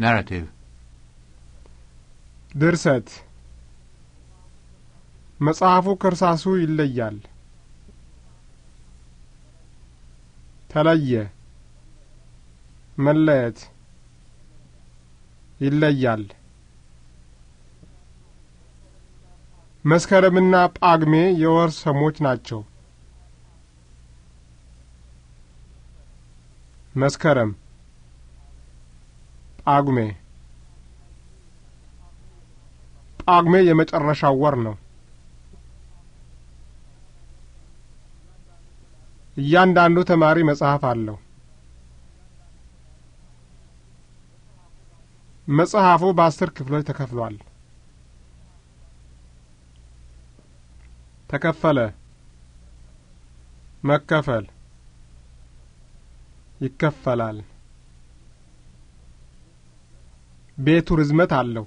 ናራቲቭ ድርሰት መጽሐፉ ከእርሳሱ ይለያል። ተለየ፣ መለየት፣ ይለያል። መስከረምና ጳጉሜ የወር ስሞች ናቸው። መስከረም ጳጉሜ ጳጉሜ የመጨረሻው ወር ነው። እያንዳንዱ ተማሪ መጽሐፍ አለው። መጽሐፉ በአስር ክፍሎች ተከፍሏል። ተከፈለ፣ መከፈል፣ ይከፈላል። ቤቱ ርዝመት አለው።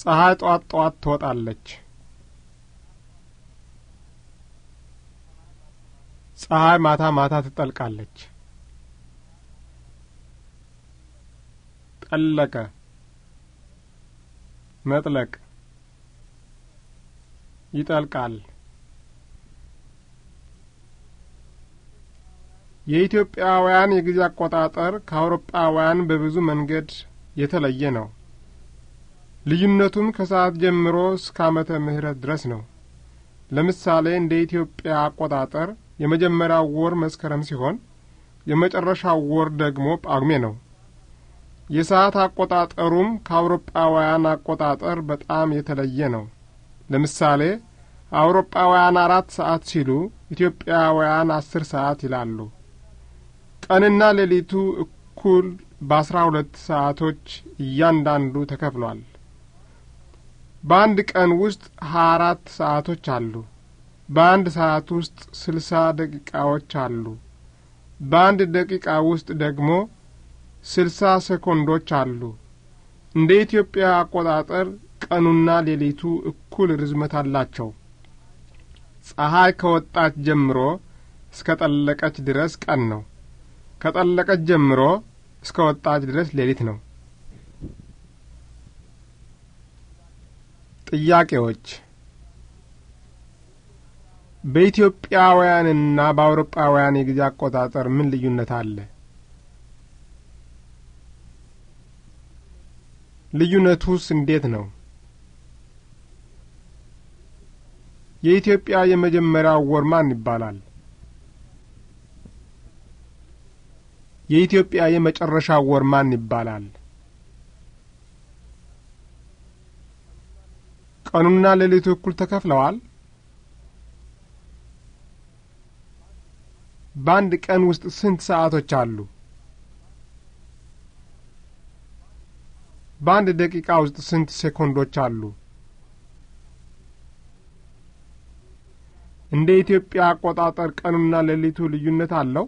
ፀሐይ ጠዋት ጠዋት ትወጣለች። ፀሐይ ማታ ማታ ትጠልቃለች። ጠለቀ፣ መጥለቅ፣ ይጠልቃል። የኢትዮጵያውያን የጊዜ አቆጣጠር ከአውሮጳውያን በብዙ መንገድ የተለየ ነው። ልዩነቱም ከሰዓት ጀምሮ እስከ ዓመተ ምህረት ድረስ ነው። ለምሳሌ እንደ ኢትዮጵያ አቆጣጠር የመጀመሪያው ወር መስከረም ሲሆን የመጨረሻው ወር ደግሞ ጳጉሜ ነው። የሰዓት አቆጣጠሩም ከአውሮጳውያን አቆጣጠር በጣም የተለየ ነው። ለምሳሌ አውሮጳውያን አራት ሰዓት ሲሉ ኢትዮጵያውያን አስር ሰዓት ይላሉ። ቀንና ሌሊቱ እኩል በአስራ ሁለት ሰዓቶች እያንዳንዱ ተከፍሏል። በአንድ ቀን ውስጥ ሀያ አራት ሰዓቶች አሉ። በአንድ ሰዓት ውስጥ ስልሳ ደቂቃዎች አሉ። በአንድ ደቂቃ ውስጥ ደግሞ ስልሳ ሴኮንዶች አሉ። እንደ ኢትዮጵያ አቆጣጠር ቀኑና ሌሊቱ እኩል ርዝመት አላቸው። ፀሐይ ከወጣች ጀምሮ እስከ ጠለቀች ድረስ ቀን ነው። ከጠለቀች ጀምሮ እስከ ወጣች ድረስ ሌሊት ነው። ጥያቄዎች በኢትዮጵያውያንና በአውሮፓውያን የጊዜ አቆጣጠር ምን ልዩነት አለ? ልዩነቱስ እንዴት ነው? የኢትዮጵያ የመጀመሪያው ወር ማን ይባላል? የኢትዮጵያ የመጨረሻ ወር ማን ይባላል? ቀኑና ሌሊቱ እኩል ተከፍለዋል? በአንድ ቀን ውስጥ ስንት ሰዓቶች አሉ? በአንድ ደቂቃ ውስጥ ስንት ሴኮንዶች አሉ? እንደ ኢትዮጵያ አቆጣጠር ቀኑና ሌሊቱ ልዩነት አለው?